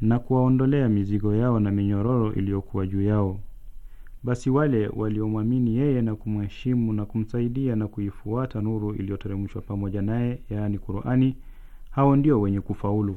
na kuwaondolea mizigo yao na minyororo iliyokuwa juu yao. Basi wale waliomwamini yeye na kumheshimu na kumsaidia na kuifuata nuru iliyoteremshwa pamoja naye, yaani Qur'ani, hao ndio wenye kufaulu.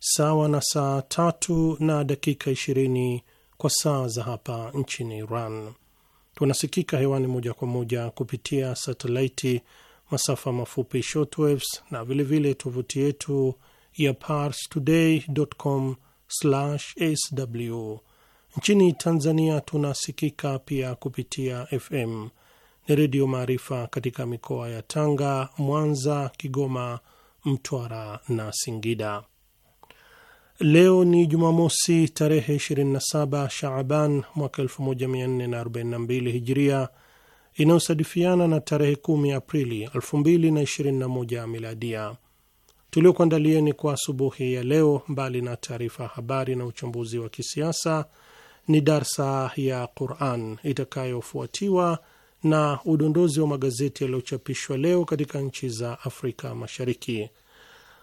sawa na saa tatu na dakika 20 kwa saa za hapa nchini Iran. Tunasikika hewani moja kwa moja kupitia satelaiti, masafa mafupi shortwaves na vilevile tovuti yetu ya pars today com sw Nchini Tanzania tunasikika pia kupitia FM ni Redio Maarifa katika mikoa ya Tanga, Mwanza, Kigoma, Mtwara na Singida. Leo ni Jumamosi tarehe 27 Shaaban mwaka 1442 Hijria, inayosadifiana na tarehe 10 Aprili 2021 Miladia. Tuliokuandalieni kwa asubuhi ya leo, mbali na taarifa habari na uchambuzi wa kisiasa, ni darsa ya Quran itakayofuatiwa na udondozi wa magazeti yaliyochapishwa leo katika nchi za Afrika Mashariki.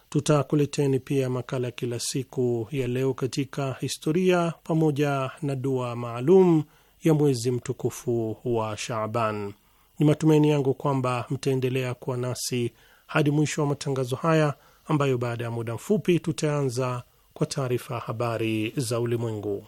Tutakuleteni pia makala ya kila siku ya leo katika historia pamoja na dua maalum ya mwezi mtukufu wa Shaaban. Ni matumaini yangu kwamba mtaendelea kuwa nasi hadi mwisho wa matangazo haya ambayo baada ya muda mfupi tutaanza kwa taarifa habari za ulimwengu.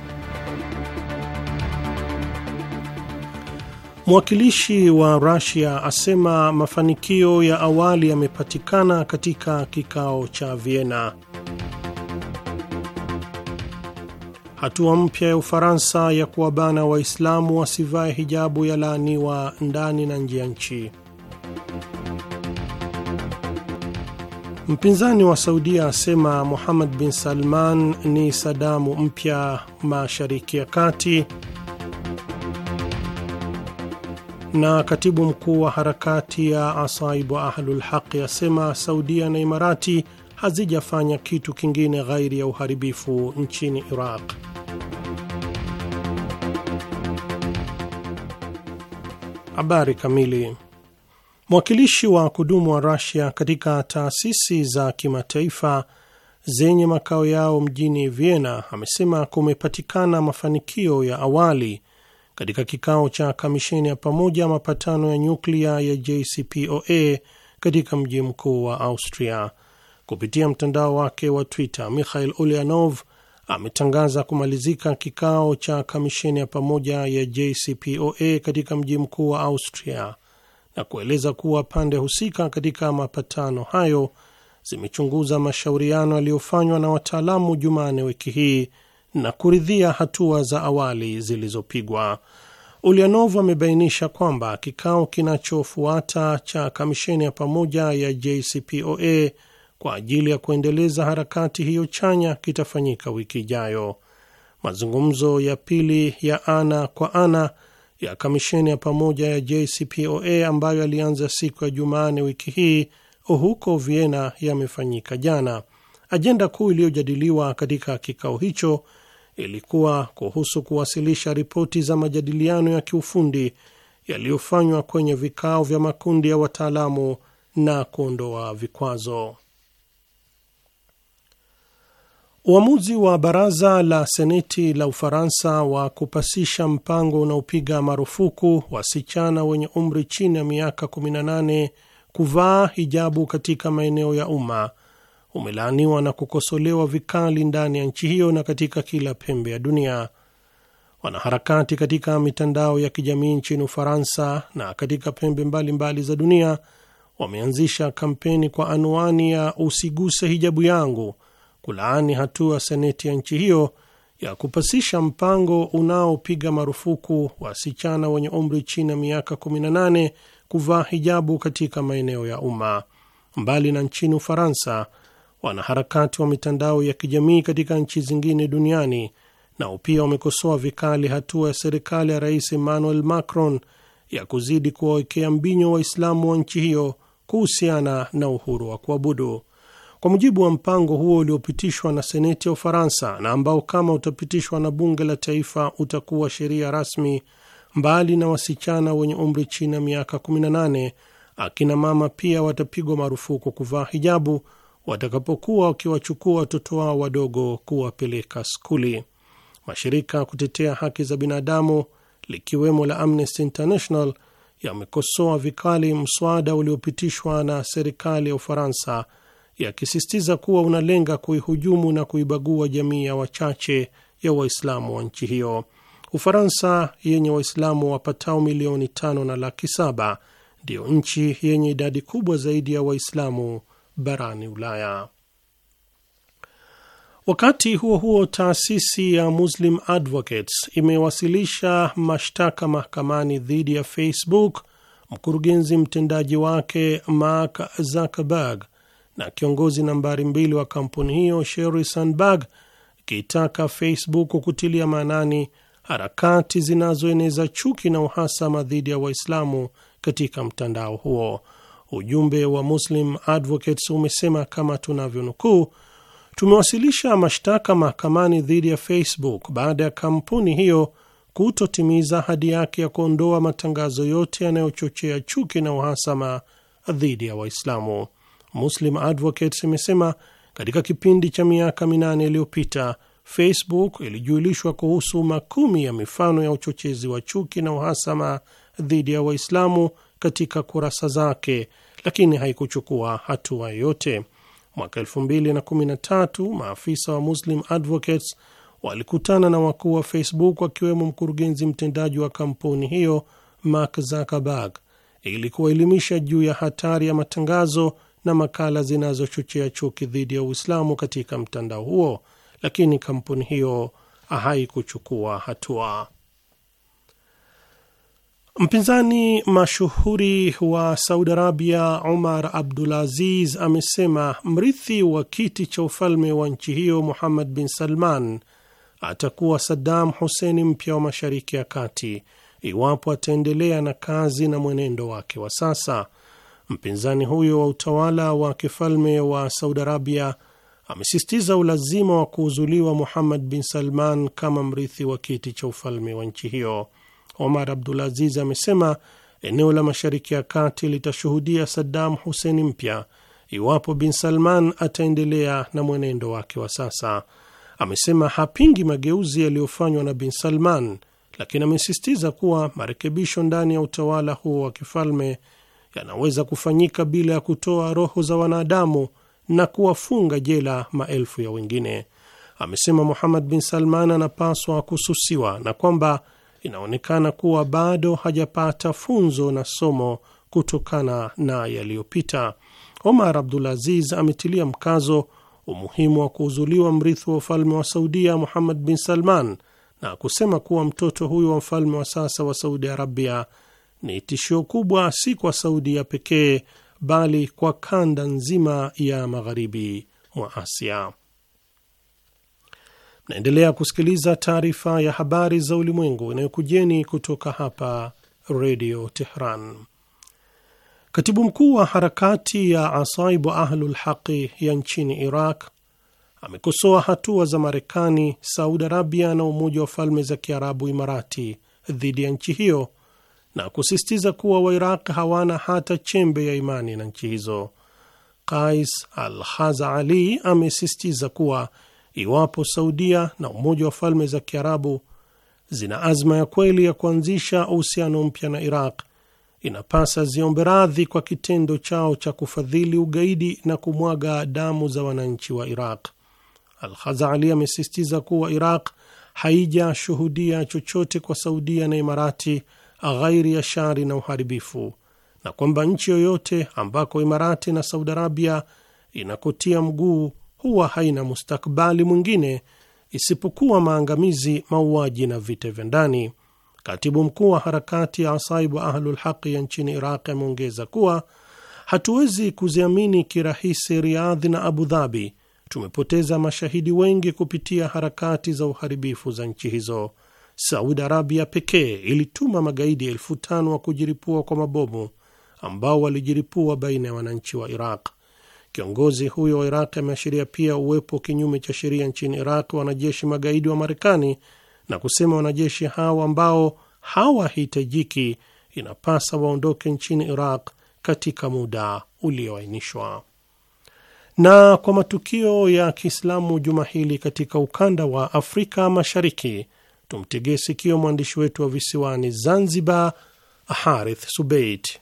Mwakilishi wa rusia asema mafanikio ya awali yamepatikana katika kikao cha Vienna. Hatua mpya ya Ufaransa ya kuwabana Waislamu wasivae hijabu yalaaniwa ndani na nje ya nchi. Mpinzani wa Saudia asema Muhammad bin Salman ni Sadamu mpya Mashariki ya Kati. Na katibu mkuu wa harakati ya Asaibu Ahlul Haqi asema Saudia na Imarati hazijafanya kitu kingine ghairi ya uharibifu nchini Iraq. Habari kamili. Mwakilishi wa kudumu wa rusia katika taasisi za kimataifa zenye makao yao mjini Vienna amesema kumepatikana mafanikio ya awali katika kikao cha kamisheni ya pamoja mapatano ya nyuklia ya JCPOA katika mji mkuu wa Austria. Kupitia mtandao wake wa Twitter, Mikhail Ulyanov ametangaza kumalizika kikao cha kamisheni ya pamoja ya JCPOA katika mji mkuu wa Austria na kueleza kuwa pande husika katika mapatano hayo zimechunguza mashauriano yaliyofanywa na wataalamu Jumane wiki hii na kuridhia hatua za awali zilizopigwa. Ulianov amebainisha kwamba kikao kinachofuata cha kamisheni ya pamoja ya JCPOA kwa ajili ya kuendeleza harakati hiyo chanya kitafanyika wiki ijayo. Mazungumzo ya pili ya ana kwa ana ya kamisheni ya pamoja ya JCPOA ambayo yalianza siku ya Jumanne wiki hii huko Vienna yamefanyika jana. Ajenda kuu iliyojadiliwa katika kikao hicho ilikuwa kuhusu kuwasilisha ripoti za majadiliano ya kiufundi yaliyofanywa kwenye vikao vya makundi ya wataalamu na kuondoa vikwazo. Uamuzi wa baraza la seneti la Ufaransa wa kupasisha mpango unaopiga marufuku wasichana wenye umri chini ya miaka 18 kuvaa hijabu katika maeneo ya umma umelaaniwa na kukosolewa vikali ndani ya nchi hiyo na katika kila pembe ya dunia. Wanaharakati katika mitandao ya kijamii nchini Ufaransa na katika pembe mbalimbali mbali za dunia wameanzisha kampeni kwa anwani ya usiguse hijabu yangu kulaani hatua seneti ya nchi hiyo ya kupasisha mpango unaopiga marufuku wasichana wenye umri chini ya miaka 18 kuvaa hijabu katika maeneo ya umma. Mbali na nchini Ufaransa, wanaharakati wa mitandao ya kijamii katika nchi zingine duniani nao pia wamekosoa vikali hatua ya serikali ya Rais Emmanuel Macron ya kuzidi kuwawekea mbinyo Waislamu wa nchi hiyo kuhusiana na uhuru wa kuabudu. Kwa mujibu wa mpango huo uliopitishwa na Seneti ya Ufaransa na ambao kama utapitishwa na Bunge la Taifa utakuwa sheria rasmi, mbali na wasichana wenye umri chini ya miaka 18, akina mama pia watapigwa marufuku kuvaa hijabu watakapokuwa wakiwachukua watoto wao wadogo kuwapeleka skuli. Mashirika ya kutetea haki za binadamu likiwemo la Amnesty International yamekosoa vikali mswada uliopitishwa na serikali ya Ufaransa, yakisisitiza kuwa unalenga kuihujumu na kuibagua jamii ya wachache ya Waislamu wa nchi hiyo. Ufaransa yenye Waislamu wapatao milioni tano na laki saba ndiyo nchi yenye idadi kubwa zaidi ya Waislamu barani Ulaya. Wakati huo huo, taasisi ya Muslim Advocates imewasilisha mashtaka mahakamani dhidi ya Facebook, mkurugenzi mtendaji wake Mark Zuckerberg na kiongozi nambari mbili wa kampuni hiyo sheri Sandberg, ikiitaka Facebook kutilia maanani harakati zinazoeneza chuki na uhasama dhidi ya Waislamu katika mtandao huo. Ujumbe wa Muslim Advocates umesema kama tunavyonukuu, tumewasilisha mashtaka mahakamani dhidi ya Facebook baada ya kampuni hiyo kutotimiza ahadi yake ya kuondoa matangazo yote yanayochochea chuki na uhasama dhidi ya Waislamu. Muslim Advocates imesema katika kipindi cha miaka minane iliyopita Facebook ilijulishwa kuhusu makumi ya mifano ya uchochezi wa chuki na uhasama dhidi ya Waislamu katika kurasa zake, lakini haikuchukua hatua yoyote. Mwaka 2013 maafisa wa Muslim Advocates walikutana na wakuu wa Facebook wakiwemo mkurugenzi mtendaji wa kampuni hiyo Mark Zuckerberg ili kuwaelimisha juu ya hatari ya matangazo na makala zinazochochea chuki dhidi ya Uislamu katika mtandao huo, lakini kampuni hiyo haikuchukua hatua. Mpinzani mashuhuri wa Saudi Arabia Umar Abdulaziz amesema mrithi wa kiti cha ufalme wa nchi hiyo Muhammad bin Salman atakuwa Saddam Hussein mpya wa Mashariki ya Kati iwapo ataendelea na kazi na mwenendo wake wa sasa. Mpinzani huyo wa utawala wa kifalme wa Saudi Arabia amesisitiza ulazima wa kuuzuliwa Muhammad bin Salman kama mrithi wa kiti cha ufalme wa nchi hiyo. Omar Abdulaziz amesema eneo la Mashariki ya Kati litashuhudia Saddam Hussein mpya iwapo Bin Salman ataendelea na mwenendo wake wa sasa. Amesema hapingi mageuzi yaliyofanywa na Bin Salman, lakini amesisitiza kuwa marekebisho ndani ya utawala huo wa kifalme yanaweza kufanyika bila ya kutoa roho za wanadamu na kuwafunga jela maelfu ya wengine. Amesema Muhammad bin Salman anapaswa kususiwa na kwamba inaonekana kuwa bado hajapata funzo na somo kutokana na yaliyopita. Omar Abdulaziz ametilia mkazo umuhimu wa kuuzuliwa mrithi wa ufalme wa Saudia Muhammad bin Salman na kusema kuwa mtoto huyo wa mfalme wa sasa wa Saudi Arabia ni tishio kubwa, si kwa Saudia pekee, bali kwa kanda nzima ya magharibi mwa Asia. Naendelea kusikiliza taarifa ya habari za ulimwengu inayokujeni kutoka hapa Redio Tehran. Katibu mkuu wa harakati ya Asaibu Ahlul Haqi ya nchini Iraq amekosoa hatua za Marekani, Saudi Arabia na Umoja wa Falme za Kiarabu Imarati dhidi ya nchi hiyo na kusisitiza kuwa Wairaq hawana hata chembe ya imani na nchi hizo. Qais Al haza Ali amesisitiza kuwa iwapo Saudia na Umoja wa Falme za Kiarabu zina azma ya kweli ya kuanzisha uhusiano mpya na Iraq, inapasa ziombe radhi kwa kitendo chao cha kufadhili ugaidi na kumwaga damu za wananchi wa Iraq. Al-Khazali amesisitiza kuwa Iraq haijashuhudia chochote kwa Saudia na Imarati ghairi ya shari na uharibifu, na kwamba nchi yoyote ambako Imarati na Saudi Arabia inakotia mguu huwa haina mustakbali mwingine isipokuwa maangamizi, mauaji na vita vya ndani. Katibu mkuu wa harakati ya Asaibu Ahlul Haqi ya nchini Iraq ameongeza kuwa hatuwezi kuziamini kirahisi Riadhi na Abu Dhabi. Tumepoteza mashahidi wengi kupitia harakati za uharibifu za nchi hizo. Saudi Arabia pekee ilituma magaidi elfu tano wa kujiripua kwa mabomu ambao walijiripua baina ya wananchi wa Iraq. Kiongozi huyo wa Iraq ameashiria pia uwepo kinyume cha sheria nchini Iraq wanajeshi magaidi wa Marekani na kusema wanajeshi hao ambao hawahitajiki inapasa waondoke nchini Iraq katika muda ulioainishwa. Na kwa matukio ya Kiislamu juma hili katika ukanda wa Afrika Mashariki, tumtegee sikio mwandishi wetu wa visiwani Zanzibar, Harith Subeit.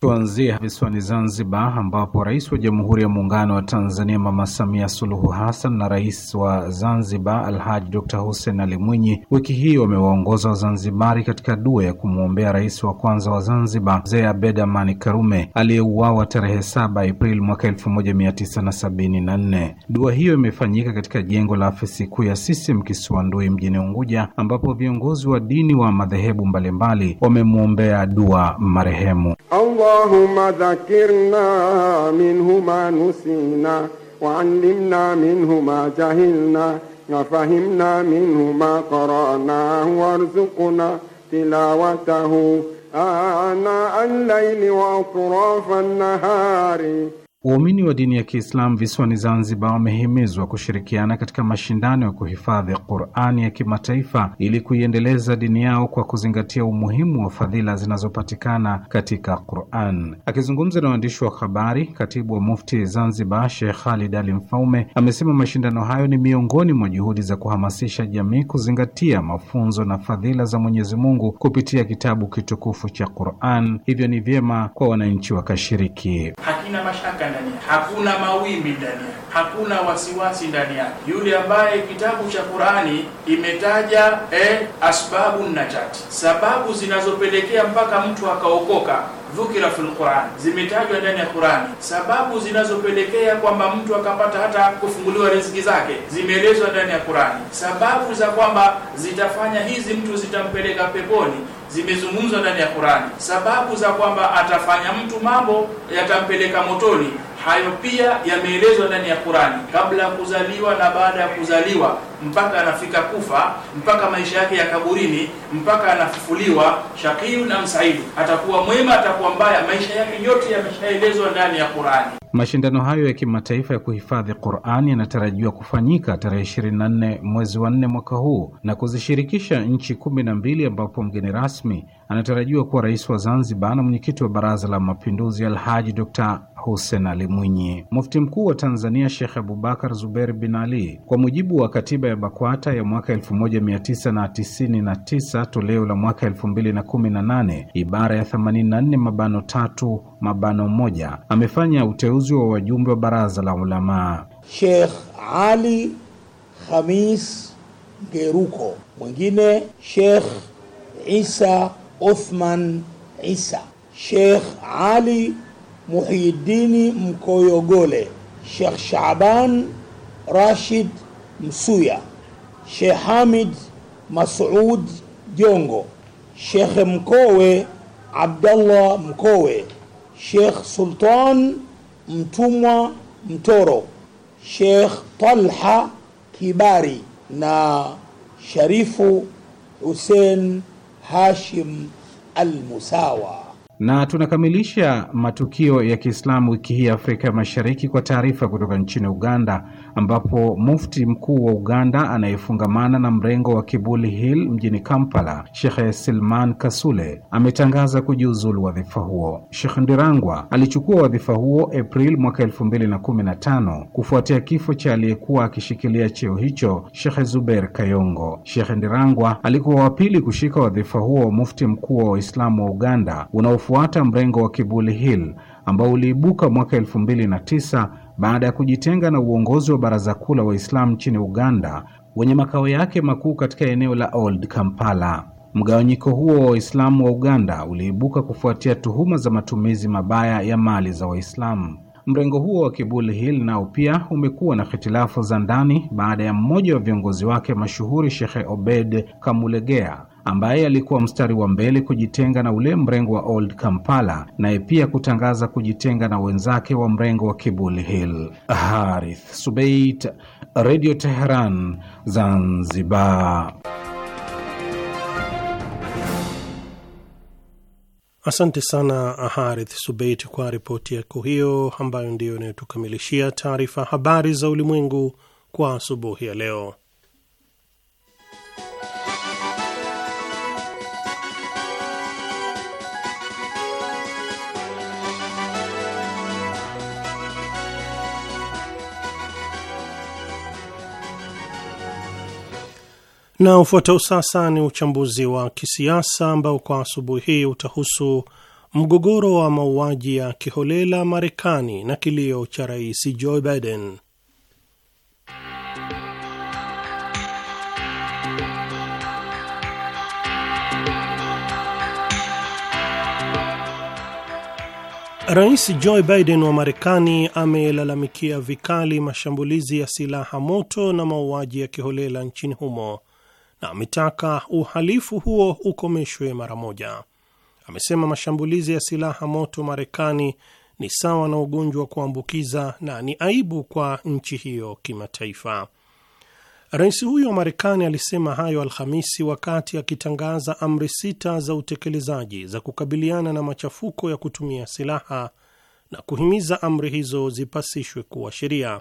Tuanzie visiwani Zanzibar ambapo Rais wa Jamhuri ya Muungano wa Tanzania Mama Samia Suluhu Hassan na Rais wa Zanzibar Alhaji Dr Hussein Ali Mwinyi wiki hii wamewaongoza Wazanzibari katika dua ya kumwombea rais wa kwanza wa Zanzibar Mzee Abed Amani Karume aliyeuawa tarehe 7 Aprili mwaka 1974. Dua hiyo imefanyika katika jengo la afisi kuu ya CCM Kisiwandui mjini Unguja, ambapo viongozi wa dini wa madhehebu mbalimbali wamemwombea dua marehemu Allah. اللهم ذكرنا منه ما نسينا وعلمنا منه ما جهلنا وفهمنا منه ما قرأناه وارزقنا تلاوته آناء الليل وأطراف النهار Waumini wa dini ya Kiislamu visiwani Zanzibar wamehimizwa kushirikiana katika mashindano ya kuhifadhi Qurani ya kimataifa ili kuiendeleza dini yao kwa kuzingatia umuhimu wa fadhila zinazopatikana katika Quran. Akizungumza na waandishi wa habari, katibu wa Mufti Zanzibar Sheikh Khalid Ali Mfaume amesema mashindano hayo ni miongoni mwa juhudi za kuhamasisha jamii kuzingatia mafunzo na fadhila za Mwenyezi Mungu kupitia kitabu kitukufu cha Quran, hivyo ni vyema kwa wananchi wakashiriki. Hakina mashaka ndani yake, hakuna mawimbi ndani yake, hakuna wasiwasi ndani yake. Yule ambaye kitabu cha Qur'ani imetaja eh, asbabu najati, sababu zinazopelekea mpaka mtu akaokoka dhukira fil Qur'an, zimetajwa ndani ya Qur'ani. Sababu zinazopelekea kwamba mtu akapata hata kufunguliwa riziki zake zimeelezwa ndani ya Qur'ani. Sababu za kwamba zitafanya hizi mtu zitampeleka peponi zimezungumzwa ndani ya Qurani, sababu za kwamba atafanya mtu mambo yatampeleka motoni hayo pia yameelezwa ndani ya Qurani, kabla ya kuzaliwa na baada ya kuzaliwa, mpaka anafika kufa, mpaka maisha yake ya kaburini, mpaka anafufuliwa. shakiu na msaidi atakuwa mwema, atakuwa mbaya, maisha yake yote yameshaelezwa ndani ya Qurani. Mashindano hayo ya kimataifa ya kuhifadhi Qurani yanatarajiwa kufanyika tarehe 24 mwezi wa 4 mwaka huu na kuzishirikisha nchi kumi na mbili ambapo mgeni rasmi anatarajiwa kuwa rais wa Zanzibar na mwenyekiti wa Baraza la Mapinduzi Alhaji Dr Hussein Ali Mwinyi. Mufti mkuu wa Tanzania shekh Abubakar Zuberi bin Ali, kwa mujibu wa katiba ya BAKWATA ya mwaka 1999 toleo la mwaka 2018 ibara ya 84 mabano tatu mabano moja, amefanya uteuzi wa wajumbe wa baraza la ulamaa. Shekh Ali Khamis Geruko, mwingine Shekh Isa Othman Isa, Sheikh Ali Muhyiddini Mkoyogole, Sheikh Shaban Rashid Msuya, Sheikh Hamid Masud Jongo, Sheikh Mkowe Abdallah Mkowe, Sheikh Sultan Mtumwa Mtoro, Sheikh Talha Kibari na Sharifu Hussein Hashim Almusawa. Na tunakamilisha matukio ya Kiislamu wiki hii ya Afrika Mashariki kwa taarifa kutoka nchini Uganda ambapo mufti mkuu wa Uganda anayefungamana na mrengo wa Kibuli Hill mjini Kampala, Shekhe Silman Kasule ametangaza kujiuzulu wadhifa huo. Shekh Ndirangwa alichukua wadhifa huo april mwaka 215 kufuatia kifo cha aliyekuwa akishikilia cheo hicho Shekhe Zuber Kayongo. Shekhe Ndirangwa alikuwa wa pili kushika wadhifa huo mufti mkuu wa Waislamu wa Uganda unaofuata mrengo wa Kibuli Hill ambao uliibuka mwaka 2009 baada ya kujitenga na uongozi wa Baraza Kuu la Waislamu nchini Uganda wenye makao yake makuu katika eneo la Old Kampala. Mgawanyiko huo wa Waislamu wa Uganda uliibuka kufuatia tuhuma za matumizi mabaya ya mali za Waislamu. Mrengo huo wa Kibuli Hill nao pia umekuwa na hitilafu za ndani baada ya mmoja wa viongozi wake mashuhuri Shekhe Obed Kamulegea ambaye alikuwa mstari wa mbele kujitenga na ule mrengo wa Old Kampala, naye pia kutangaza kujitenga na wenzake wa mrengo wa Kibul Hill. Harith Subeit, Radio Teheran, Zanzibar. Asante sana Harith Subeit kwa ripoti yako hiyo, ambayo ndiyo inayotukamilishia taarifa habari za ulimwengu kwa asubuhi ya leo. Na ufuatao sasa ni uchambuzi wa kisiasa ambao kwa asubuhi hii utahusu mgogoro wa mauaji ya kiholela Marekani na kilio cha Rais Joe Biden. Rais Joe Biden wa Marekani amelalamikia vikali mashambulizi ya silaha moto na mauaji ya kiholela nchini humo na ametaka uhalifu huo ukomeshwe mara moja. Amesema mashambulizi ya silaha moto Marekani ni sawa na ugonjwa wa kuambukiza na ni aibu kwa nchi hiyo kimataifa. Rais huyo wa Marekani alisema hayo Alhamisi wakati akitangaza amri sita za utekelezaji za kukabiliana na machafuko ya kutumia silaha na kuhimiza amri hizo zipasishwe kuwa sheria.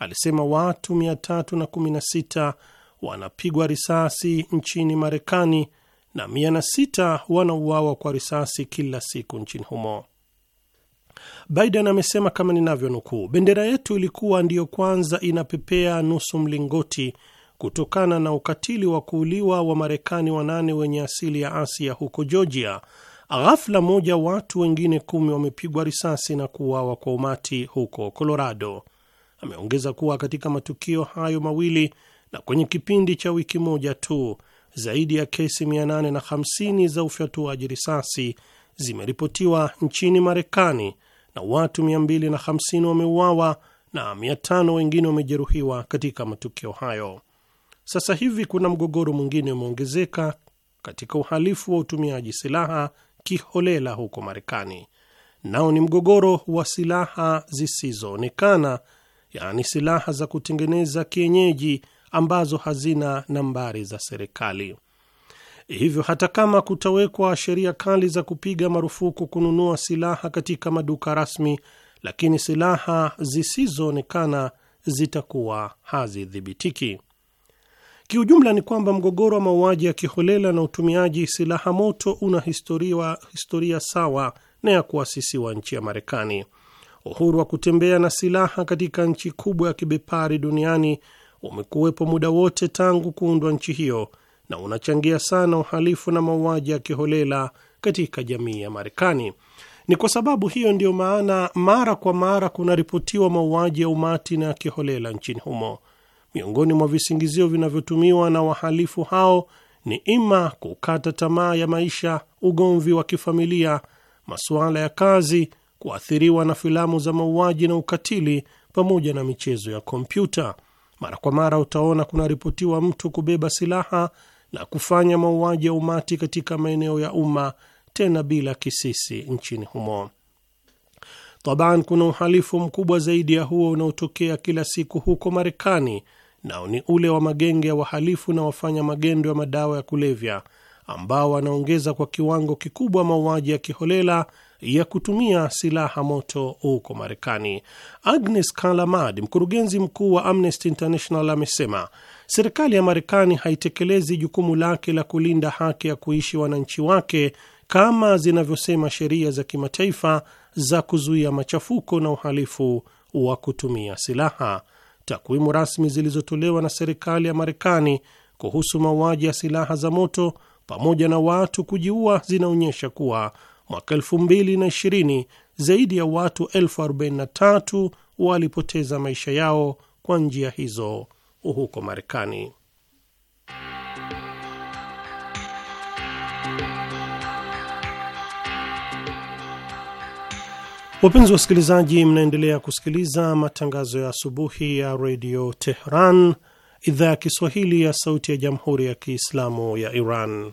Alisema watu 316 wanapigwa risasi nchini Marekani na sita wanauawa kwa risasi kila siku nchini humo. Biden amesema kama ninavyonukuu, bendera yetu ilikuwa ndiyo kwanza inapepea nusu mlingoti kutokana na ukatili wa kuuliwa wa Marekani wanane wenye asili ya Asia huko Georgia. Ghafla moja, watu wengine kumi wamepigwa risasi na kuuawa kwa umati huko Colorado. Ameongeza kuwa katika matukio hayo mawili na kwenye kipindi cha wiki moja tu zaidi ya kesi 850 za ufyatuaji risasi zimeripotiwa nchini Marekani na watu 250 wameuawa na 500 wengine wamejeruhiwa katika matukio hayo. Sasa hivi kuna mgogoro mwingine umeongezeka katika uhalifu wa utumiaji silaha kiholela huko Marekani, nao ni mgogoro wa silaha zisizoonekana, yaani silaha za kutengeneza kienyeji ambazo hazina nambari za serikali. Hivyo hata kama kutawekwa sheria kali za kupiga marufuku kununua silaha katika maduka rasmi, lakini silaha zisizoonekana zitakuwa hazidhibitiki. Kiujumla ni kwamba mgogoro wa mauaji ya kiholela na utumiaji silaha moto una historia, historia sawa na ya kuasisiwa nchi ya Marekani. Uhuru wa kutembea na silaha katika nchi kubwa ya kibepari duniani umekuwepo muda wote tangu kuundwa nchi hiyo na unachangia sana uhalifu na mauaji ya kiholela katika jamii ya Marekani. Ni kwa sababu hiyo ndiyo maana mara kwa mara kunaripotiwa mauaji ya umati na ya kiholela nchini humo. Miongoni mwa visingizio vinavyotumiwa na wahalifu hao ni ima kukata tamaa ya maisha, ugomvi wa kifamilia, masuala ya kazi, kuathiriwa na filamu za mauaji na ukatili, pamoja na michezo ya kompyuta. Mara kwa mara utaona kunaripotiwa mtu kubeba silaha na kufanya mauaji ya umati katika maeneo ya umma, tena bila kisisi nchini humo. Taban, kuna uhalifu mkubwa zaidi ya huo unaotokea kila siku huko Marekani, nao ni ule wa magenge ya wahalifu na wafanya magendo ya madawa ya kulevya ambao wanaongeza kwa kiwango kikubwa mauaji ya kiholela ya kutumia silaha moto huko Marekani. Agnes Kalamad, mkurugenzi mkuu wa Amnesty International, amesema serikali ya Marekani haitekelezi jukumu lake la kulinda haki ya kuishi wananchi wake kama zinavyosema sheria za kimataifa za kuzuia machafuko na uhalifu wa kutumia silaha. Takwimu rasmi zilizotolewa na serikali ya Marekani kuhusu mauaji ya silaha za moto pamoja na watu kujiua zinaonyesha kuwa mwaka 2020 zaidi ya watu 43 walipoteza maisha yao kwa njia hizo huko Marekani. Wapenzi wasikilizaji, mnaendelea kusikiliza matangazo ya asubuhi ya redio Tehran, idhaa ya Kiswahili ya sauti ya jamhuri ya Kiislamu ya Iran.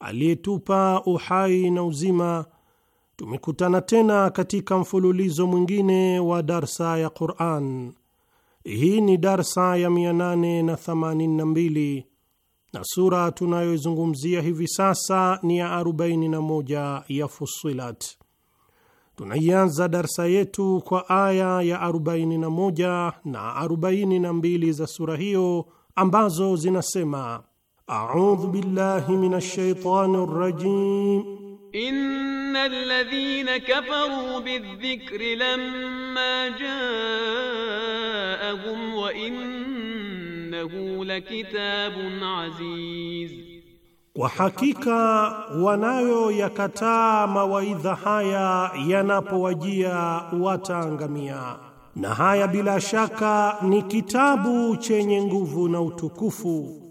aliyetupa uhai na uzima, tumekutana tena katika mfululizo mwingine wa darsa ya Quran. Hii ni darsa ya 882 na sura tunayoizungumzia hivi sasa ni ya 41 ya Fussilat. Tunaianza darsa yetu kwa aya ya 41 na 42 za sura hiyo ambazo zinasema أعوذ بالله من الشيطان الرجيم إن الذين كفروا بالذكر لما جاءهم وإنه لكتاب عزيز Kwa hakika wanayoyakataa mawaidha haya yanapowajia wataangamia, na haya bila shaka ni kitabu chenye nguvu na utukufu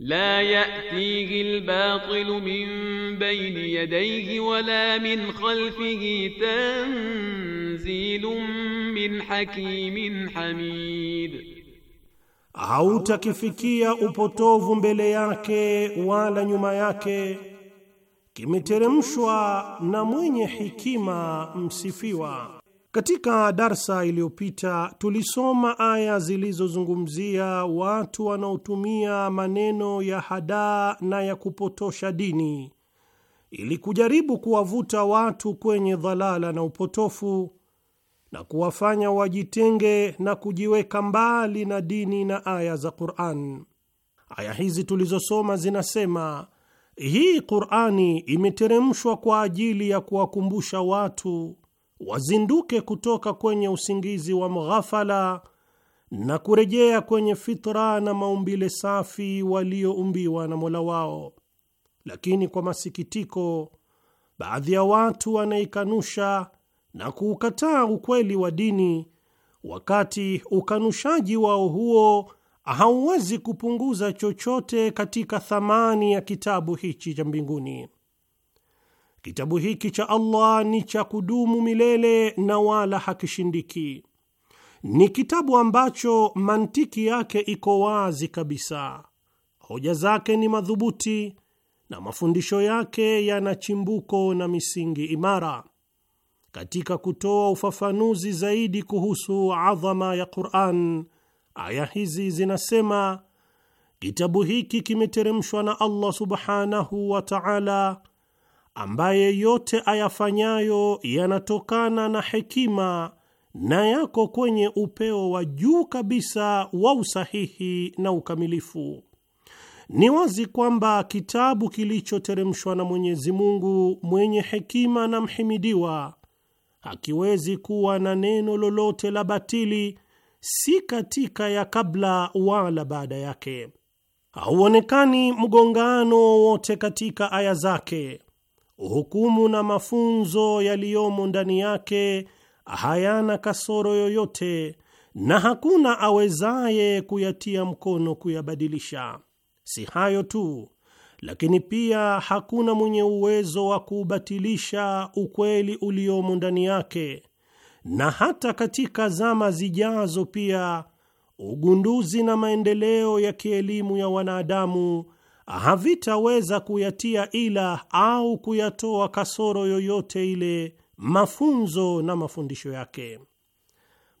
la yatihi albatil min bayni yadayhi wala min khalfihi tanzilun min hakimin hamid, hautakifikia upotovu mbele yake wala nyuma yake, kimeteremshwa na mwenye hikima msifiwa. Katika darsa iliyopita tulisoma aya zilizozungumzia watu wanaotumia maneno ya hadaa na ya kupotosha dini ili kujaribu kuwavuta watu kwenye dhalala na upotofu na kuwafanya wajitenge na kujiweka mbali na dini na aya za Qur'an. Aya hizi tulizosoma zinasema hii Qur'ani imeteremshwa kwa ajili ya kuwakumbusha watu wazinduke kutoka kwenye usingizi wa mghafala na kurejea kwenye fitra na maumbile safi walioumbiwa na Mola wao. Lakini kwa masikitiko, baadhi ya watu wanaikanusha na kuukataa ukweli wa dini, wakati ukanushaji wao huo hauwezi kupunguza chochote katika thamani ya kitabu hichi cha mbinguni. Kitabu hiki cha Allah ni cha kudumu milele na wala hakishindiki. Ni kitabu ambacho mantiki yake iko wazi kabisa, hoja zake ni madhubuti na mafundisho yake yana chimbuko na misingi imara. Katika kutoa ufafanuzi zaidi kuhusu adhama ya Qur'an, aya hizi zinasema kitabu hiki kimeteremshwa na Allah subhanahu wa ta'ala ambaye yote ayafanyayo yanatokana na hekima na yako kwenye upeo wa juu kabisa wa usahihi na ukamilifu. Ni wazi kwamba kitabu kilichoteremshwa na Mwenyezi Mungu mwenye hekima na mhimidiwa hakiwezi kuwa na neno lolote la batili, si katika ya kabla wala baada yake. Hauonekani mgongano wowote katika aya zake hukumu na mafunzo yaliyomo ndani yake hayana kasoro yoyote na hakuna awezaye kuyatia mkono kuyabadilisha. Si hayo tu, lakini pia hakuna mwenye uwezo wa kuubatilisha ukweli uliomo ndani yake, na hata katika zama zijazo pia ugunduzi na maendeleo ya kielimu ya wanadamu havitaweza kuyatia ila au kuyatoa kasoro yoyote ile mafunzo na mafundisho yake.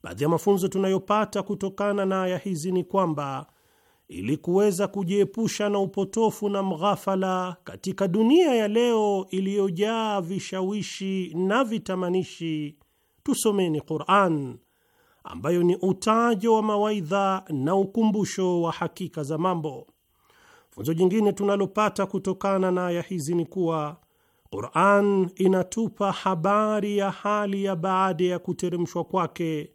Baadhi ya mafunzo tunayopata kutokana na aya hizi ni kwamba ili kuweza kujiepusha na upotofu na mghafala katika dunia ya leo iliyojaa vishawishi na vitamanishi, tusomeni Qur'an ambayo ni utajo wa mawaidha na ukumbusho wa hakika za mambo. Funzo jingine tunalopata kutokana na aya hizi ni kuwa Qur'an inatupa habari ya hali ya baada ya kuteremshwa kwake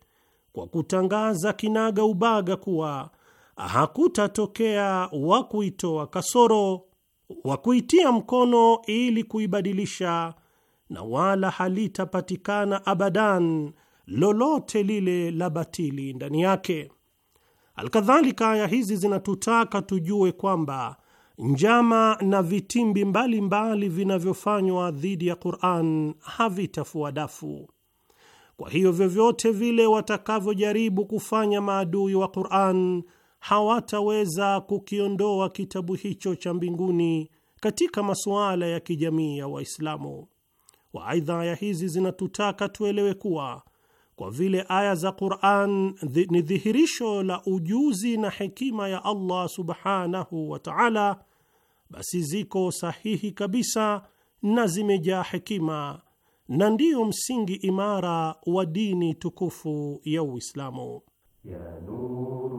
kwa kutangaza kinaga ubaga kuwa hakutatokea wa kuitoa kasoro, wa kuitia mkono ili kuibadilisha, na wala halitapatikana abadan lolote lile la batili ndani yake. Alkadhalika, aya hizi zinatutaka tujue kwamba njama na vitimbi mbalimbali vinavyofanywa dhidi ya Qur'an havitafua dafu. Kwa hiyo, vyovyote vile watakavyojaribu kufanya maadui wa Qur'an, hawataweza kukiondoa kitabu hicho cha mbinguni katika masuala ya kijamii ya Waislamu. Waaidha, aya hizi zinatutaka tuelewe kuwa kwa vile aya za Qur'an ni dhihirisho la ujuzi na hekima ya Allah subhanahu wa ta'ala, basi ziko sahihi kabisa na zimejaa hekima na ndiyo msingi imara wa dini tukufu ya Uislamu ya nur.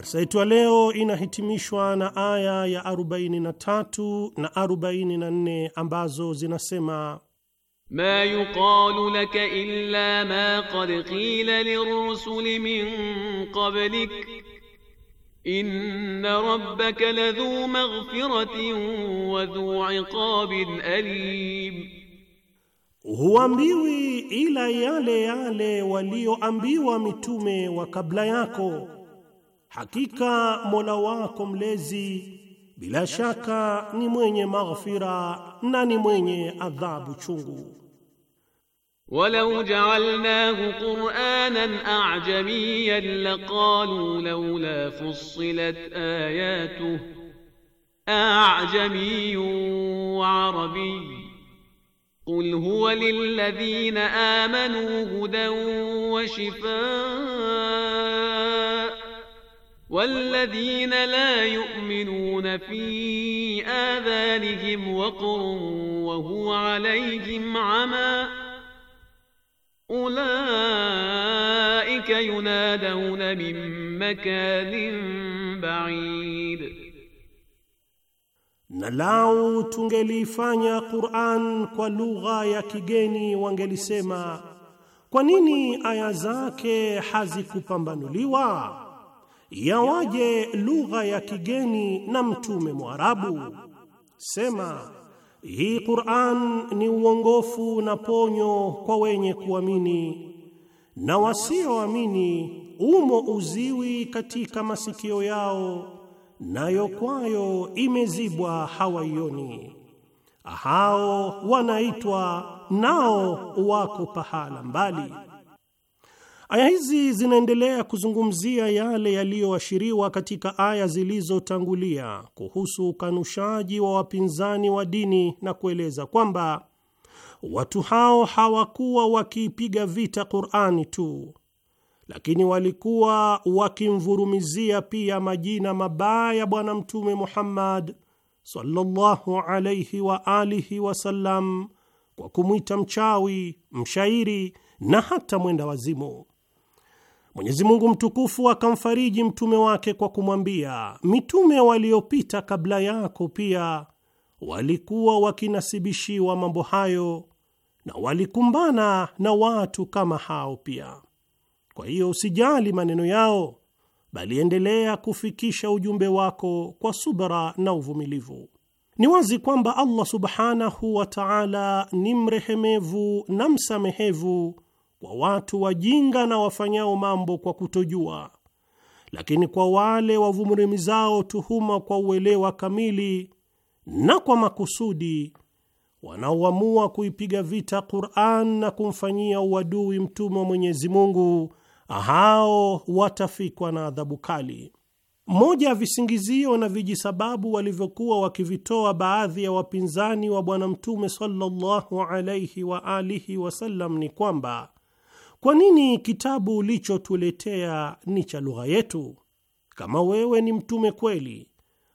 Darsa yetu ya leo inahitimishwa na aya ya 43 na 44 ambazo zinasema ma yuqalu laka illa ma qad qila lirrusuli min qablik inna rabbaka ladhu maghfiratin wa dhu iqabin alim huambiwi ila yale yale walioambiwa mitume wa kabla yako حقيقة Mola wako بلا bila shaka ni mwenye maghfira na ni mwenye ولو جعلناه قرآنا أعجميا لقالوا لولا فصلت آياته أعجمي وعربي قل هو للذين آمنوا هدى وشفاء walladhina la yu'minuna fi adhanihim waqrun wa huwa alayhim ama ulaika yunadawna min makanin ba'id, na lau tungelifanya Qur'an kwa lugha ya kigeni wangelisema kwa nini aya zake hazikupambanuliwa? yawaje lugha ya kigeni na mtume Mwarabu? Sema, hii Qur'an ni uongofu na ponyo kwa wenye kuamini, na wasioamini umo uziwi katika masikio yao, nayo kwayo imezibwa hawaioni. Hao wanaitwa nao wako pahala mbali. Aya hizi zinaendelea kuzungumzia yale yaliyoashiriwa katika aya zilizotangulia kuhusu ukanushaji wa wapinzani wa dini na kueleza kwamba watu hao hawakuwa wakiipiga vita Qur'ani tu, lakini walikuwa wakimvurumizia pia majina mabaya ya Bwana Mtume Muhammad sallallahu alayhi wa alihi wasallam kwa kumwita mchawi, mshairi na hata mwenda wazimu. Mwenyezi Mungu mtukufu akamfariji mtume wake kwa kumwambia, mitume waliopita kabla yako pia walikuwa wakinasibishiwa mambo hayo na walikumbana na watu kama hao pia. Kwa hiyo usijali maneno yao, bali endelea kufikisha ujumbe wako kwa subra na uvumilivu. Ni wazi kwamba Allah subhanahu wa taala ni mrehemevu na msamehevu kwa watu wajinga na wafanyao mambo kwa kutojua, lakini kwa wale wavumirimizao tuhuma kwa uelewa kamili na kwa makusudi, wanaoamua kuipiga vita Qur'an na kumfanyia uadui mtume wa Mwenyezi Mungu, hao watafikwa na adhabu kali. Moja ya visingizio na vijisababu walivyokuwa wakivitoa baadhi ya wapinzani wa Bwana Mtume sallallahu alaihi wa alihi wasallam ni kwamba kwa nini kitabu ulichotuletea ni cha lugha yetu? Kama wewe ni mtume kweli,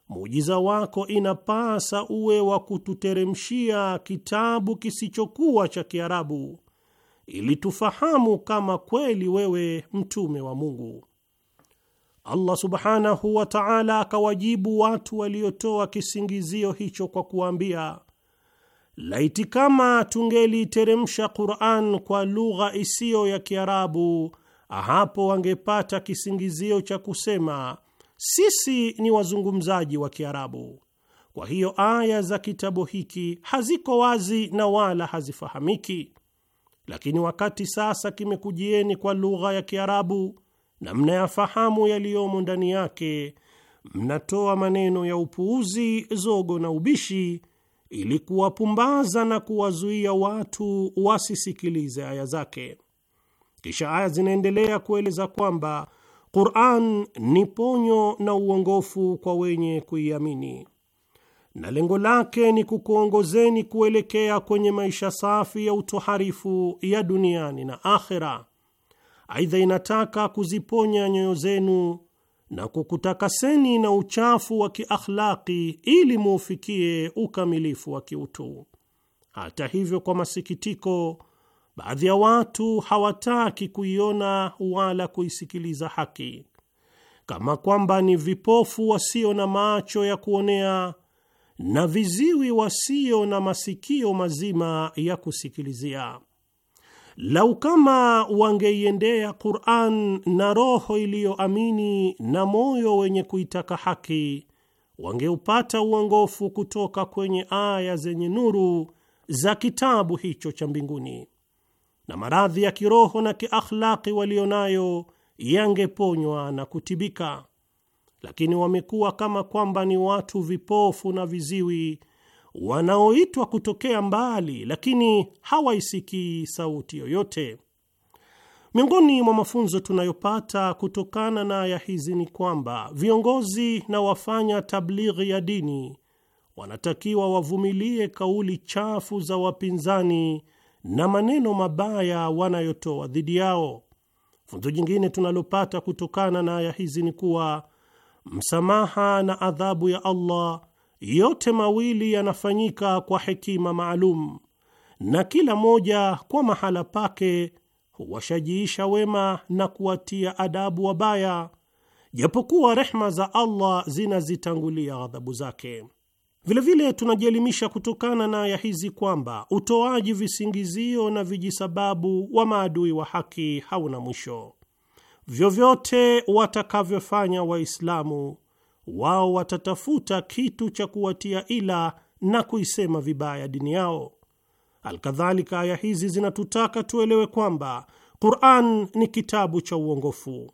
muujiza wako inapasa uwe wa kututeremshia kitabu kisichokuwa cha Kiarabu ili tufahamu kama kweli wewe mtume wa Mungu. Allah subhanahu wa ta'ala akawajibu watu waliotoa kisingizio hicho kwa kuambia Laiti kama tungeliteremsha Qur'an kwa lugha isiyo ya Kiarabu, hapo wangepata kisingizio cha kusema sisi ni wazungumzaji wa Kiarabu. Kwa hiyo aya za kitabu hiki haziko wazi na wala hazifahamiki. Lakini wakati sasa kimekujieni kwa lugha ya Kiarabu na mnayafahamu yaliyomo ndani yake, mnatoa maneno ya upuuzi, zogo na ubishi ili kuwapumbaza na kuwazuia watu wasisikilize aya zake. Kisha aya zinaendelea kueleza kwamba Qur'an ni ponyo na uongofu kwa wenye kuiamini na lengo lake ni kukuongozeni kuelekea kwenye maisha safi ya utoharifu ya duniani na akhera. Aidha, inataka kuziponya nyoyo zenu na kukutakaseni na uchafu wa kiakhlaki ili muufikie ukamilifu wa kiutu. Hata hivyo, kwa masikitiko, baadhi ya watu hawataki kuiona wala kuisikiliza haki, kama kwamba ni vipofu wasio na macho ya kuonea na viziwi wasio na masikio mazima ya kusikilizia. Lau kama wangeiendea Qur'an na roho iliyoamini na moyo wenye kuitaka haki, wangeupata uongofu kutoka kwenye aya zenye nuru za kitabu hicho cha mbinguni, na maradhi ya kiroho na kiakhlaki nayo yangeponywa na kutibika, lakini wamekuwa kama kwamba ni watu vipofu na viziwi wanaoitwa kutokea mbali, lakini hawaisikii sauti yoyote. Miongoni mwa mafunzo tunayopata kutokana na aya hizi ni kwamba viongozi na wafanya tablighi ya dini wanatakiwa wavumilie kauli chafu za wapinzani na maneno mabaya wanayotoa dhidi yao. Funzo jingine tunalopata kutokana na aya hizi ni kuwa msamaha na adhabu ya Allah yote mawili yanafanyika kwa hekima maalum, na kila moja kwa mahala pake huwashajiisha wema na kuwatia adabu wabaya, japokuwa rehma za Allah zinazitangulia ghadhabu zake. Vilevile tunajielimisha kutokana na aya hizi kwamba utoaji visingizio na vijisababu wa maadui wa haki hauna mwisho. Vyovyote watakavyofanya Waislamu wao watatafuta kitu cha kuwatia ila na kuisema vibaya dini yao. Alkadhalika, aya hizi zinatutaka tuelewe kwamba Qur'an ni kitabu cha uongofu,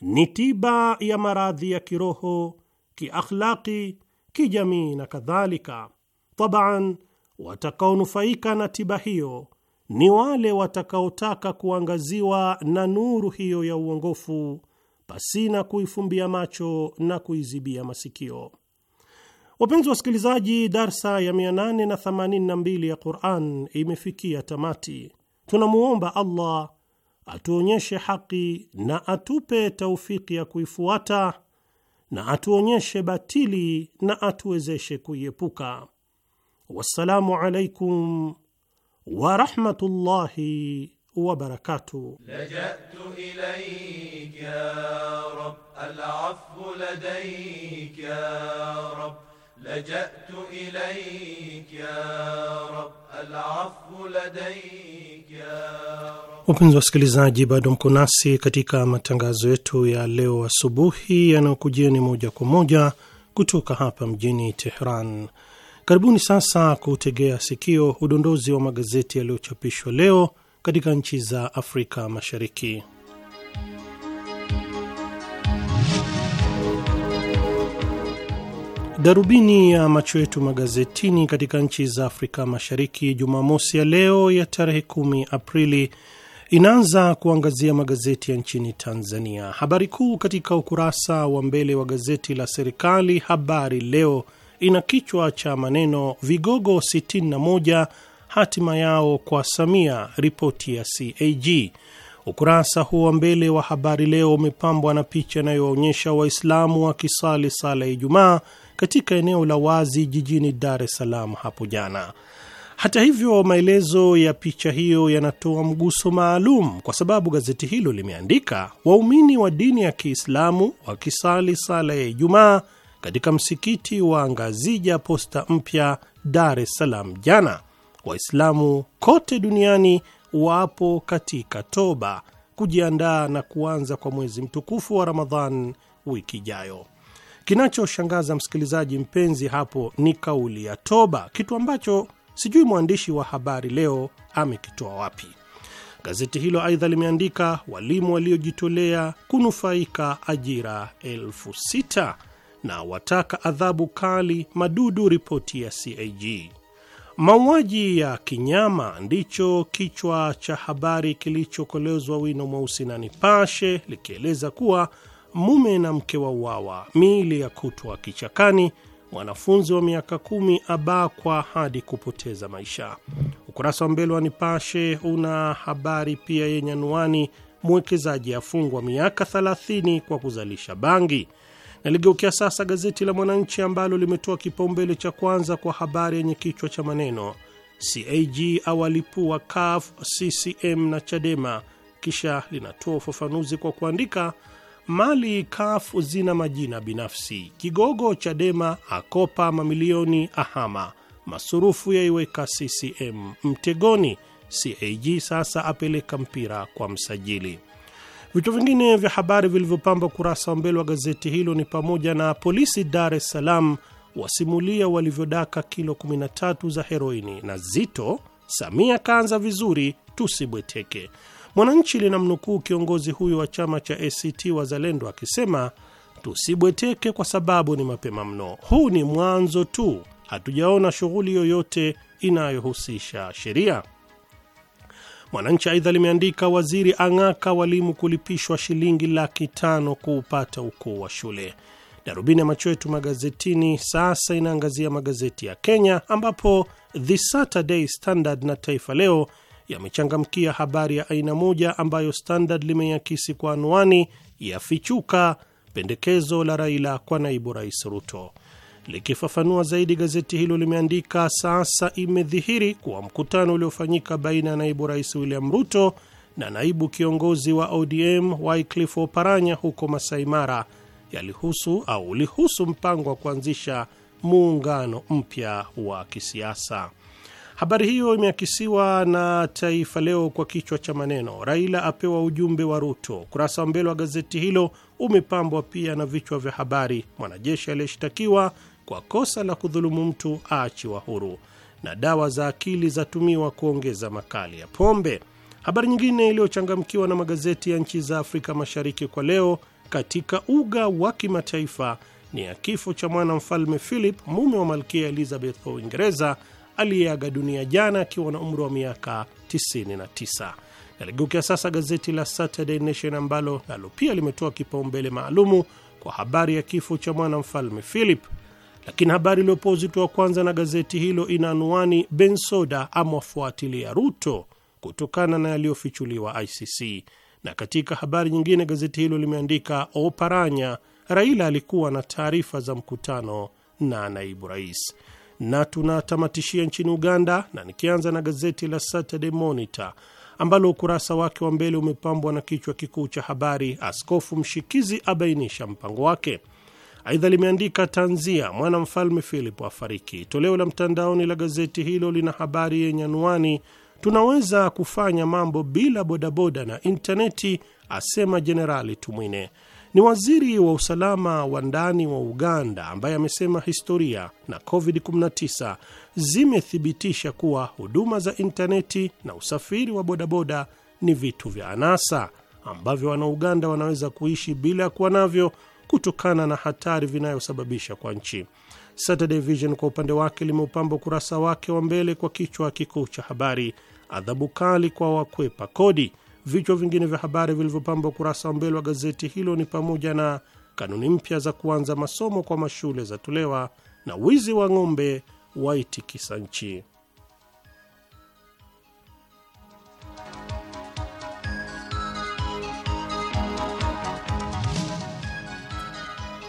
ni tiba ya maradhi ya kiroho, kiakhlaqi, kijamii na kadhalika. Taban, watakaonufaika na tiba hiyo ni wale watakaotaka kuangaziwa na nuru hiyo ya uongofu pasina kuifumbia macho na kuizibia masikio. Wapenzi wasikilizaji, darsa ya 882 ya Quran imefikia tamati. Tunamwomba Allah atuonyeshe haki na atupe taufiki ya kuifuata na atuonyeshe batili na atuwezeshe kuiepuka. Wassalamu alaikum warahmatullahi wabarakatuh. wa wasikilizaji, bado mko nasi katika matangazo yetu ya leo asubuhi yanayokujieni moja kwa moja kutoka hapa mjini Tehran. Karibuni sasa kutegea sikio udondozi wa magazeti yaliyochapishwa leo katika nchi za Afrika Mashariki. Darubini ya macho yetu magazetini katika nchi za Afrika Mashariki Jumamosi ya leo ya tarehe 10 Aprili inaanza kuangazia magazeti ya nchini Tanzania. Habari kuu katika ukurasa wa mbele wa gazeti la serikali Habari Leo ina kichwa cha maneno vigogo 61 hatima yao kwa Samia, ripoti ya CAG. Ukurasa huo wa mbele wa Habari Leo umepambwa na picha inayoonyesha Waislamu wakisali sala ya Ijumaa katika eneo la wazi jijini Dar es Salaam hapo jana. Hata hivyo, maelezo ya picha hiyo yanatoa mguso maalum kwa sababu gazeti hilo limeandika waumini wa dini ya Kiislamu wakisali sala ya Ijumaa katika msikiti wa Ngazija, Posta Mpya, Dar es Salaam jana Waislamu kote duniani wapo katika toba, kujiandaa na kuanza kwa mwezi mtukufu wa Ramadhan wiki ijayo. Kinachoshangaza msikilizaji mpenzi hapo ni kauli ya toba, kitu ambacho sijui mwandishi wa habari leo amekitoa wapi. Gazeti hilo aidha limeandika walimu waliojitolea kunufaika ajira elfu sita na wataka adhabu kali madudu ripoti ya CAG. Mauaji ya kinyama ndicho kichwa cha habari kilichokolezwa wino mweusi na Nipashe, likieleza kuwa mume na mke wa uawa miili ya kutwa kichakani, mwanafunzi wa miaka kumi abakwa hadi kupoteza maisha. Ukurasa wa mbele wa Nipashe una habari pia yenye anuani, mwekezaji afungwa miaka 30 kwa kuzalisha bangi. Naligeukia sasa gazeti la Mwananchi ambalo limetoa kipaumbele cha kwanza kwa habari yenye kichwa cha maneno CAG awalipua caf CCM na Chadema, kisha linatoa ufafanuzi kwa kuandika mali caf zina majina binafsi, kigogo Chadema akopa mamilioni ahama, masurufu yaiweka CCM mtegoni, CAG sasa apeleka mpira kwa msajili. Vitu vingine vya habari vilivyopamba ukurasa wa mbele wa gazeti hilo ni pamoja na polisi Dar es Salaam wasimulia walivyodaka kilo 13 za heroini, na Zito, Samia kaanza vizuri, tusibweteke. Mwananchi linamnukuu kiongozi huyo wa chama cha ACT Wazalendo akisema tusibweteke kwa sababu ni mapema mno, huu ni mwanzo tu, hatujaona shughuli yoyote inayohusisha sheria. Mwananchi aidha limeandika waziri ang'aka walimu kulipishwa shilingi laki tano kuupata ukuu wa shule. Darubini ya macho yetu magazetini sasa inaangazia magazeti ya Kenya, ambapo The Saturday Standard na Taifa Leo yamechangamkia habari ya aina moja ambayo Standard limeiakisi kwa anwani ya fichuka pendekezo la Raila kwa naibu rais Ruto. Likifafanua zaidi, gazeti hilo limeandika sasa imedhihiri kuwa mkutano uliofanyika baina ya naibu rais William Ruto na naibu kiongozi wa ODM Wycliffe Oparanya huko Masai Mara yalihusu au ulihusu mpango wa kuanzisha muungano mpya wa kisiasa. Habari hiyo imeakisiwa na Taifa Leo kwa kichwa cha maneno Raila apewa ujumbe wa Ruto. Ukurasa wa mbele wa gazeti hilo umepambwa pia na vichwa vya habari: mwanajeshi aliyeshtakiwa kwa kosa la kudhulumu mtu aachiwa huru, na dawa za akili zatumiwa kuongeza makali ya pombe. Habari nyingine iliyochangamkiwa na magazeti ya nchi za Afrika Mashariki kwa leo katika uga wa kimataifa ni ya kifo cha mfalme Philip, mume wa malkia Elizabeth wa Uingereza, aliyeaga dunia jana akiwa na umri wa miaka 99. Naligeukia sasa gazeti la Saturday Nation ambalo nalo pia limetoa kipaumbele maalumu kwa habari ya kifo cha mwanamfalme Philip. Lakini habari iliyopoa uzito wa kwanza na gazeti hilo ina anwani Bensoda amwafuatilia Ruto kutokana na yaliyofichuliwa ICC. Na katika habari nyingine, gazeti hilo limeandika Oparanya, Raila alikuwa na taarifa za mkutano na naibu rais. Na tunatamatishia nchini Uganda, na nikianza na gazeti la Saturday Monitor ambalo ukurasa wake wa mbele umepambwa na kichwa kikuu cha habari, askofu mshikizi abainisha mpango wake. Aidha limeandika tanzia mwanamfalme Philip afariki. Toleo la mtandaoni la gazeti hilo lina habari yenye anwani tunaweza kufanya mambo bila bodaboda na intaneti, asema Jenerali Tumwine. Ni waziri wa usalama wa ndani wa Uganda ambaye amesema historia na COVID-19 zimethibitisha kuwa huduma za intaneti na usafiri wa bodaboda ni vitu vya anasa ambavyo Wanauganda wanaweza kuishi bila ya kuwa navyo kutokana na hatari vinayosababisha kwa nchi. Saturday Vision kwa upande wake limeupamba ukurasa wake wa mbele kwa kichwa kikuu cha habari, adhabu kali kwa wakwepa kodi. Vichwa vingine vya habari vilivyopamba ukurasa wa mbele wa gazeti hilo ni pamoja na kanuni mpya za kuanza masomo kwa mashule za tulewa na wizi wa ng'ombe waitikisa nchi.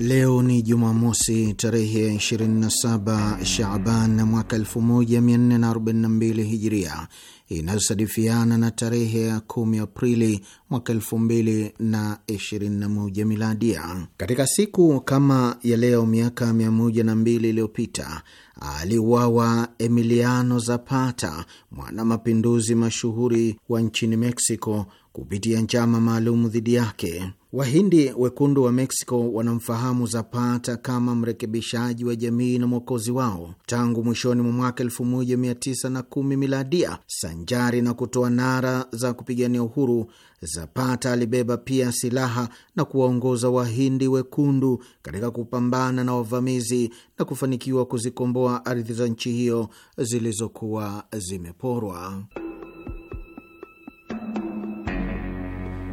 Leo ni Jumamosi, tarehe ya 27 Shaban mwaka 1442 Hijiria, inayosadifiana na tarehe ya 10 Aprili mwaka 2021 Miladia. Katika siku kama ya leo miaka 102 iliyopita aliuawa Emiliano Zapata, mwana mapinduzi mashuhuri wa nchini Mexico, kupitia njama maalum dhidi yake. Wahindi wekundu wa Meksiko wanamfahamu Zapata kama mrekebishaji wa jamii na mwokozi wao tangu mwishoni mwa mwaka 1910 miladia. Sanjari na kutoa nara za kupigania uhuru, Zapata alibeba pia silaha na kuwaongoza Wahindi wekundu katika kupambana na wavamizi na kufanikiwa kuzikomboa ardhi za nchi hiyo zilizokuwa zimeporwa.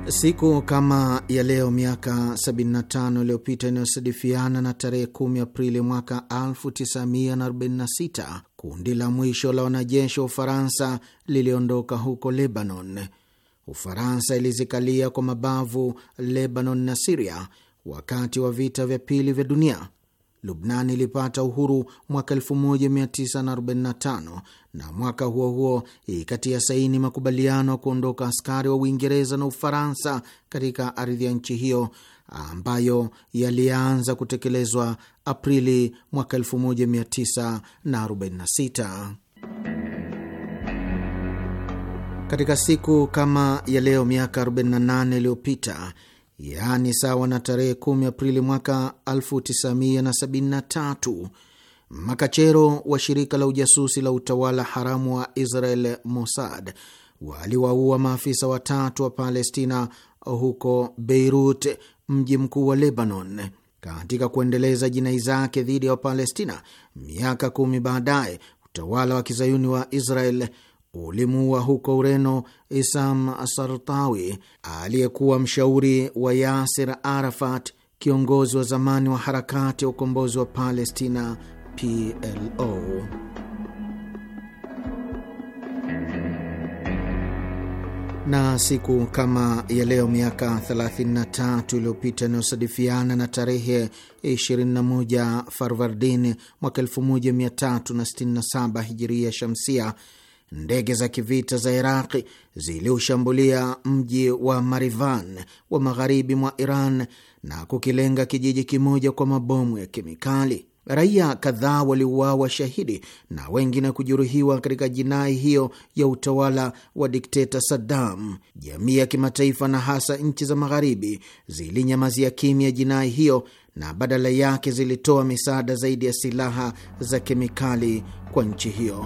Siku kama ya leo miaka 75 iliyopita inayosadifiana na tarehe 10 Aprili mwaka 1946 kundi la mwisho la wanajeshi wa Ufaransa liliondoka huko Lebanon. Ufaransa ilizikalia kwa mabavu Lebanon na Siria wakati wa vita vya pili vya dunia. Lubnan ilipata uhuru mwaka 1945 na mwaka huo huo ikatia saini makubaliano ya kuondoka askari wa Uingereza na Ufaransa katika ardhi ya nchi hiyo ambayo yalianza kutekelezwa Aprili mwaka 1946. Katika siku kama ya leo miaka 48 iliyopita, yaani sawa na tarehe 10 Aprili mwaka 1973 Makachero wa shirika la ujasusi la utawala haramu wa Israel, Mossad, waliwaua maafisa watatu wa Palestina huko Beirut, mji mkuu wa Lebanon. Katika kuendeleza jinai zake dhidi ya Wapalestina, miaka kumi baadaye utawala wa kizayuni wa Israel ulimuua huko Ureno Isam Sartawi, aliyekuwa mshauri wa Yasir Arafat, kiongozi wa zamani wa harakati ya ukombozi wa Palestina PLO. Na siku kama ya leo miaka 33 iliyopita inayosadifiana na tarehe 21 Farvardin mwaka 1367 hijiria shamsia, ndege za kivita za Iraqi ziliushambulia mji wa Marivan wa magharibi mwa Iran na kukilenga kijiji kimoja kwa mabomu ya kemikali. Raia kadhaa waliuawa shahidi na wengine kujeruhiwa katika jinai hiyo ya utawala wa dikteta Saddam. Jamii ya kimataifa na hasa nchi za Magharibi zilinyamazia kimya jinai hiyo na badala yake zilitoa misaada zaidi ya silaha za kemikali kwa nchi hiyo.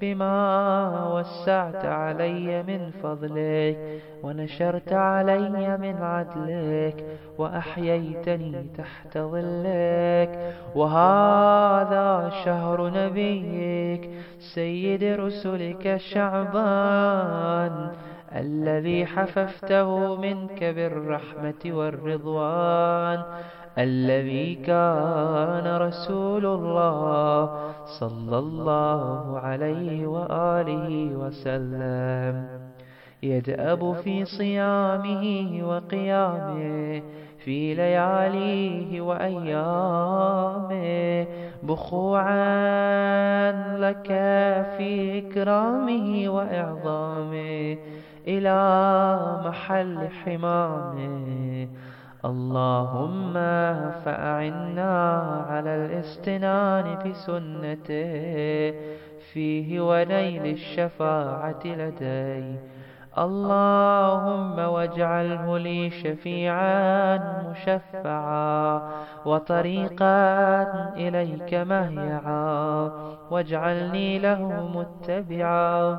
بما وسعت علي من فضلك ونشرت علي من عدلك وأحييتني تحت ظلك وهذا شهر نبيك سيد رسلك شعبان الذي حففته منك بالرحمة والرضوان الذي كان رسول الله صلى الله عليه وآله وسلم يدأب في صيامه وقيامه في لياليه وأيامه بخوعا لك في إكرامه وإعظامه إلى محل حمامه اللهم فأعنا على الاستنان بسنته فيه ونيل الشفاعة لدي اللهم واجعله لي شفيعا مشفعا وطريقا إليك مهيعا واجعلني له متبعا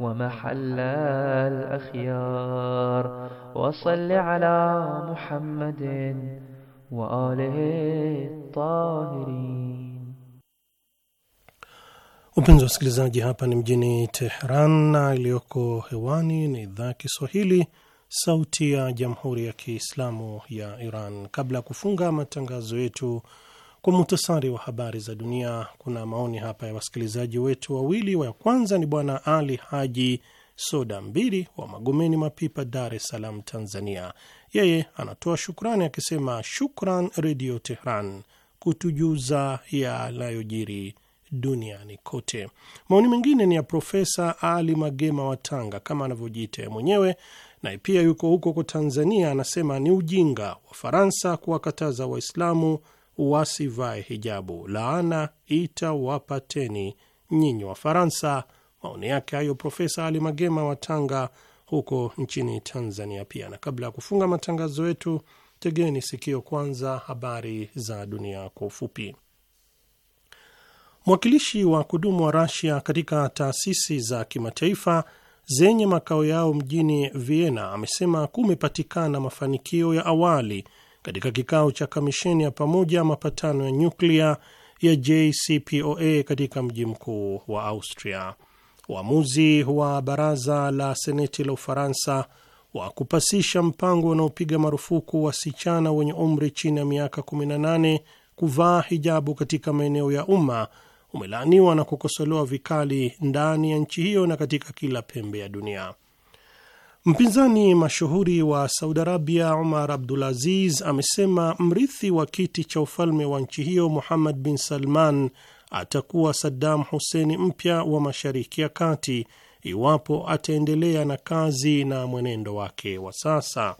ومحل الأخيار وصل على محمد وآله الطاهرين Upenzi wa wasikilizaji, hapa ni mjini Teheran na iliyoko hewani ni idhaa ya Kiswahili, Sauti ya Jamhuri ya Kiislamu ya Iran. Kabla ya kufunga matangazo yetu kwa muhtasari wa habari za dunia, kuna maoni hapa ya wasikilizaji wetu wawili. Wa kwanza ni Bwana Ali Haji Soda Mbili wa Magomeni Mapipa, Dar es Salaam, Tanzania. Yeye anatoa shukrani akisema, shukran Redio Tehran kutujuza yanayojiri duniani kote. Maoni mengine ni ya Profesa Ali Magema wa Tanga, kama anavyojiita mwenyewe, naye pia yuko huko kwa Tanzania. Anasema ni ujinga wa Faransa kuwakataza Waislamu wasivae hijabu, laana itawapateni nyinyi wa faransa Maoni yake hayo Profesa Ali Magema wa Tanga huko nchini Tanzania pia. Na kabla ya kufunga matangazo yetu, tegeni sikio kwanza habari za dunia kwa ufupi. Mwakilishi wa kudumu wa Rasia katika taasisi za kimataifa zenye makao yao mjini Vienna amesema kumepatikana mafanikio ya awali katika kikao cha kamisheni ya pamoja mapatano ya nyuklia ya JCPOA katika mji mkuu wa Austria. Uamuzi wa baraza la seneti la Ufaransa wa kupasisha mpango unaopiga marufuku wasichana wenye umri chini ya miaka 18 kuvaa hijabu katika maeneo ya umma umelaaniwa na kukosolewa vikali ndani ya nchi hiyo na katika kila pembe ya dunia. Mpinzani mashuhuri wa Saudi Arabia Umar aziz amesema mrithi wa kiti cha ufalme wa nchi hiyo Muhammad bin Salman atakuwa Saddam huseni mpya wa Mashariki ya Kati iwapo ataendelea na kazi na mwenendo wake wa sasa.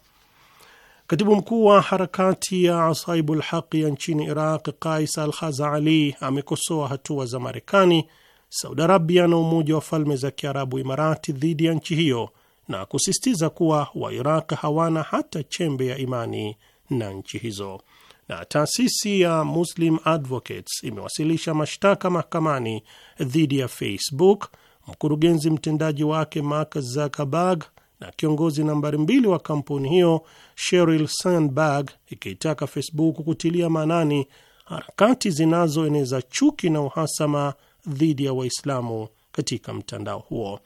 Katibu mkuu wa harakati ya Asaibul Haqi ya nchini Iraq, Kais Al Khazali, amekosoa hatua za Marekani, Saudi Arabia na Umoja wa Falme za Kiarabu Imarati dhidi ya nchi hiyo na kusisitiza kuwa Wairaq hawana hata chembe ya imani na nchi hizo. Na taasisi ya Muslim Advocates imewasilisha mashtaka mahakamani dhidi ya Facebook, mkurugenzi mtendaji wake Mark Zuckerberg na kiongozi nambari mbili wa kampuni hiyo Sheryl Sandberg, ikiitaka Facebook kutilia maanani harakati zinazoeneza chuki na uhasama dhidi ya Waislamu katika mtandao huo.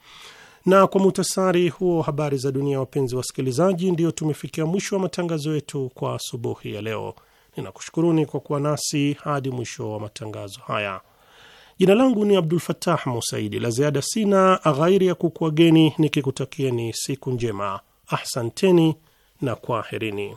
Na kwa muhtasari huo habari za dunia, wapenzi wasikilizaji, ndio tumefikia mwisho wa matangazo yetu kwa asubuhi ya leo. Ninakushukuruni kwa kuwa nasi hadi mwisho wa matangazo haya. Jina langu ni Abdul fatah Musaidi. La ziada sina ghairi ya kukuageni nikikutakieni siku njema. Ahsanteni na kwaherini.